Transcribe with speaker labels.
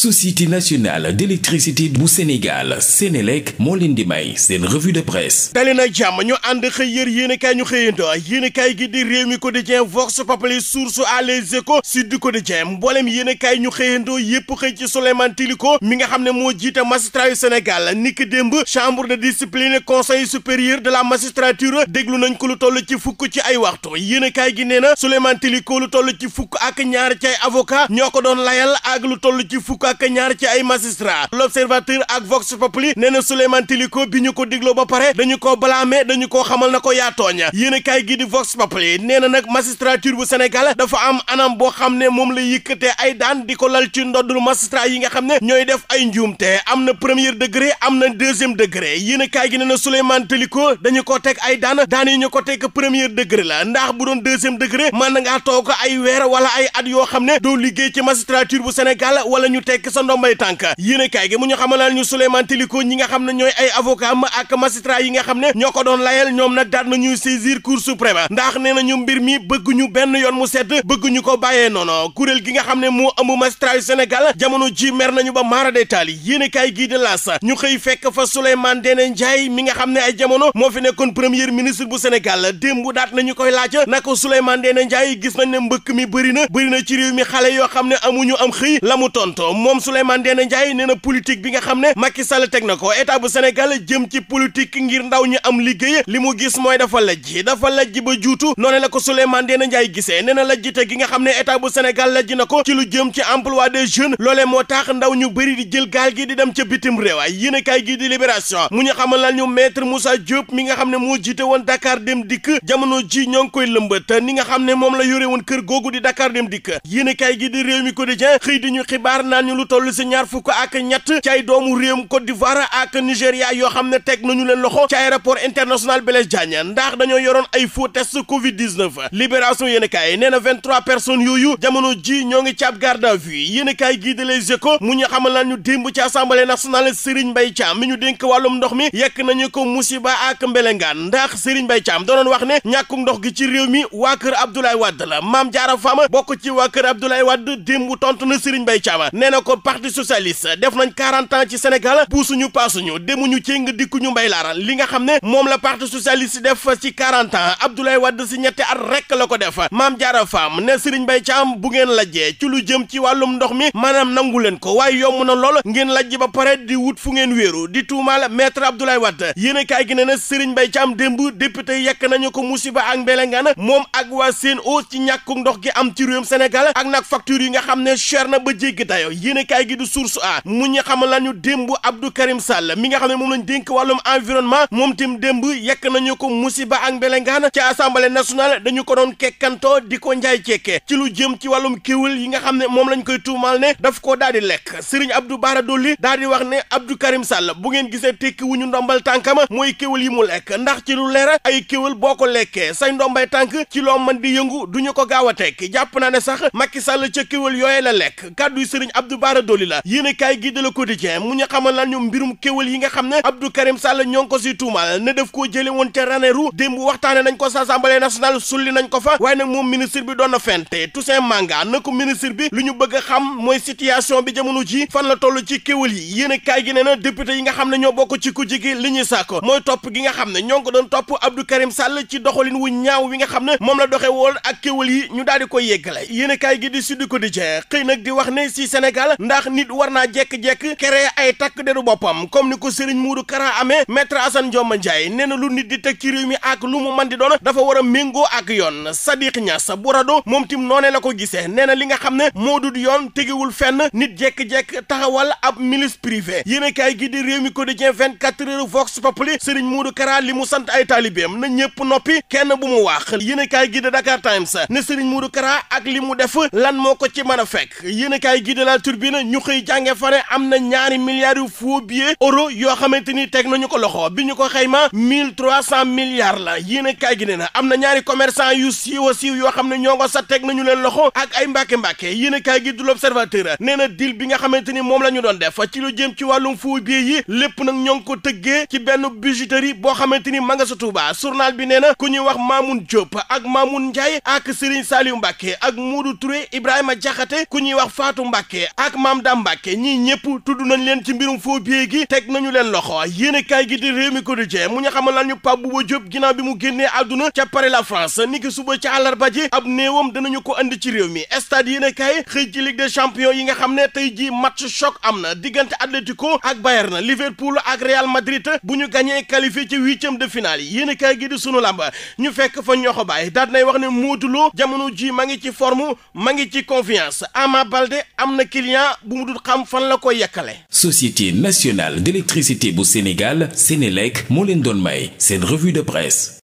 Speaker 1: société nationale d'électricité bu Sénégal Sénélec moo leen di may seen revue de presse dali jàmm ñu ànd xëy yër yéen ñu xëyanto yéen gi di réew mi quotidien Vox Populi Source A Les Échos Sud Quotidien mbooleem yéen ñu xëyanto yépp xëy ci Souleymane Téliko mi nga xam ne moo jiite magistrat yu Sénégal niki démb chambre de discipline conseil supérieur de la magistrature déglu nañ ko lu toll ci fukk ci ay waxtu yéen i kaay gi nee na Souleymane Téliko lu toll ci fukk ak ñaar ci ay avocat ñoo ko doon layal ak ak ñaar ci ay magistrat l'observateur ak Vox Populi nee na Souleymane Téliko bi ñu ko digloo ba pare dañu koo blâmer dañu koo xamal na ko yaa tooñ yéen kaay gi di Vox Populi nee na nag magistrature bu Sénégal dafa am anam boo xam ne moom la yëkkatee ay daan di ko lal ci ndoddul magistrat yi nga xam ne ñooy def ay njuumte am na premier degré am na deuxième degré yéen a kaay gi nee na Souleymane Téliko dañu ko teg ay daan daan yi ñu ko teg premier degré la ndax bu doon deuxième degré man na nga toog ay weer wala ay at yoo xam ne doo liggéey ci magistrature bu Sénégal wala ñu teg nekk sa ndombay tànk yéen a gi mu ñu xamalal ñu Souleymane Téliko ñi nga xam ne ñooy ay avocat am ak magistrat yi nga xam ne ñoo ko doon layal ñoom nag daan nañuy saisir cour suprême ndax ne na ñu mbir mi bëgg ñu benn yoon mu sedd bëgguñu ko bàyyee noonu kuréel gi nga xam ne moo ëmb magistrat yu Sénégal jamono ji mer nañu ba maara détaali yéen a kaay gii de laas ñu xëy fekk fa Souleymane Ndéné Ndiaye mi nga xam ne ay jamono moo fi nekkoon premier ministre bu Sénégal démb daat nañu koy laaj na ko Souleymane Ndéné Ndiaye gis nañ ne mbëkk mi bëri na bëri na ci réew mi xale yoo xam ne amuñu am xëy la mu tonto moom Souleymane Ndéné Ndiaye nee na politique bi nga xam ne Macky Sall teg na ko état bu Sénégal jëm ci politique ngir ndaw ñu am liggéey li mu gis mooy dafa lajj dafa lajj ba juutu noone la ko Souleymane Ndéné Ndiaye gisee nee na lajjite gi nga xam ne état bu Sénégal lajj na ko ci lu jëm ci emploi des jeunes loole moo tax ndaw ñu bëri di jël gaal gi di dem ca bitim réew ay yéene gi di libération mu ñu xamal la ñu musa Moussa Diop mi nga xam ne moo jiite woon Dakar dem dikk jamono ji ñoo ngi koy lëmbat ni nga xam ne moom la yore woon kër googu di Dakar dem dikk yéene gi di réew mi quotidien xëy di ñu xibaar naan ñu lu toll si ñaar fukk ak ñett ci ay doomu réewum Côte d'Ivoire ak Nigéria yoo xam ne teg nañu leen loxo ci aéroport international Blaise Diagne ndax dañoo yoroon ay faux test Covid 19 libération yéen a kaay nee na 23 personnes yooyu jamono ji ñoo ngi càb garde à vue yéen a kaay gii de Les Échos mu ñu xamal lan ñu démb ci assemblée nationale Serigne Mbaye Thiam mi ñu dénk wàllum ndox mi yekk nañu ko musiba ak mbelengaan ndax Serigne Mbaye Thiam doonoon wax ne ñàkkum ndox gi ci réew mi waa kër Abdoulaye Wade la Mame Diarra Fam bokk ci waa kër Abdoulaye Wade démb tontu na Serigne Mbaye Thiam nee na ko ko parti socialiste def nañ 40 ans ci Sénégal buusuñu paasuñu demuñu céng dikkuñu mbay laaran li nga xam ne moom la parti socialiste def ci 40 ans Abdoulaye Wade si ñetti at rek la ko def Maam Jaara Faam ne bay Mbaye am bu ngeen lajjee ci lu jëm ci wàllum ndox mi maanaam nangu leen ko waaye yomb na lool ngeen lajj ba pare di wut fu ngeen wéeru di tuumaal maître Abdoulaye Wade yéene kaay gi ne na Serigne Mbaye Thiam démb député yekk nañu ko musiba ak mbelengaan moom ak waa Sen'Eau ci ñàkku ndox gi am ci réewum Sénégal ak nag facture yi nga xam ne cher na ba jéggi dayo yéenekaay gi du source a mu ñu xamal la ñu démb Abdou Karim Sall mi nga xam ne moom lañ dénk wàllum environnement moom tim démb yekk nañu ko musiba ak mbelengaan ci assemblée nationale dañu ko doon kekkantoo di ko njaay cekkee ci lu jëm ci wàllum kéwél yi nga xam ne moom lañ koy tuumal ne daf koo daal di lekk Serigne Abdou Bara Dolly daal di wax ne Abdou Karim Sall bu ngeen gisee tekki ñu ndombal tànkama mooy kéwél yi mu lekk ndax ci lu leer ay kéwél boo ko lekkee say ndombay tànk ci loo mën di yëngu duñu ko gaaw a tekk jàpp naa ne sax Macky Sall ca kéwél yooye la lekk kàddu Serigne maara dooli la yéen a kaay gi mu ñu xamal lan mbirum kéwal yi nga xam ne Abdou Karim Sall ñoo ngi ko si tuumal ne daf koo jële woon ca Ranérou démb waxtaane nañ ko sa assemblée nationale sulli nañ ko fa waaye nag moom ministre bi doon na fente Toussaint Manga na ko ministre bi lu ñu bëgg xam mooy situation bi jamono ji fan la toll ci kéwal yi yéen a kaay gi ne na député yi nga xam ne ñoo bokk ci ku jigi li ñuy sàkk mooy topp gi nga xam ne ñoo ngi ko doon topp Abdou Karim Sall ci wi nga xam ne moom la doxee woon ak kéwal yi ñu daal di koy yeggale yéen a kaay gi di Sud Quotidien xëy nag di wax ne si Sénégal Sénégal ndax nit war naa jekk-jekk créer ay takk deru boppam comme ni ko Serigne Moudou Kara amee maître Assane Dioma Ndiaye nee na lu nit di teg ci réew mi ak lu mu mën di doon dafa war a méngoo ak yoon Sadiq Niass bu rado moom tim noonee la ko gisee nee na li nga xam ne moo dul yoon tegewul fenn nit jekk-jekk taxawal ab milice privée yéenekaay gi di Rewmi Quotidien 24 heures Vox Populi Serigne Moudou Kara li mu sant ay taalibeem na ñëpp noppi kenn bu mu wax yéenekaay gi di Dakar Times ne Serigne Moudou Kara ak li mu def lan moo ko ci mën fekk yéenekaay gi di La Tribune tribune ñu xëy jànge fane am na ñaari milliards yu faux yoo xamante ni teg nañu ko loxo bi ñu ko xayma mille trois cent milliards la yéen a kaay gi ne na am na ñaari commerçant yu siiw a siiw yoo xam ne ñoo ko sa teg nañu leen loxo ak ay mbàkke-mbàkke yéen a kaay gi du l'observateur nee na deal bi nga xamante ni moom la ñu doon def a ci lu jëm ci wàllum faux billets yi lépp nag ñoo ngi ko tëggee ci benn bijouterie boo xamante ni ma nga sa Tuuba journal bi nee na ku ñuy wax Mamoun Diop ak Mamoun Ndiaye ak Serigne Saliou Mbacke ak Modou Touré Ibrahima Diakhaté ku ñuy wax Fatou Mbacke ak maam Dame Mbacke ñii ñëpp tudd nañ leen ci mbirum faux billets gi teg nañu leen loxo yéenekaay gi di Rewmi Quotidien mu ñu xamal nañu Pape Bouba Diop ginnaaw bi mu génnee àdduna ca Paris la France niki suba ca àllarba ji ab néewam danañu ko andi ci réew mi stade yéenekaay xëy ci Ligue des champions yi nga xam ne tey ji match choc am na diggante Atlético ak Bayern Liverpool ak Real Madrid bu ñu gagné qualifié ci huitième de finale yi yéenekaay gi di sunu làmba ñu fekk fa ñoo ko bàyyi daal nay wax ne Modou Lo jamono ji ma ngi ci forme ma ngi ci confiance Ama Baldé am na client client bu mu dul xam fan la koy yekkale société nationale d'électricité bu Sénégal Sénélec moo leen doon may seen revue de presse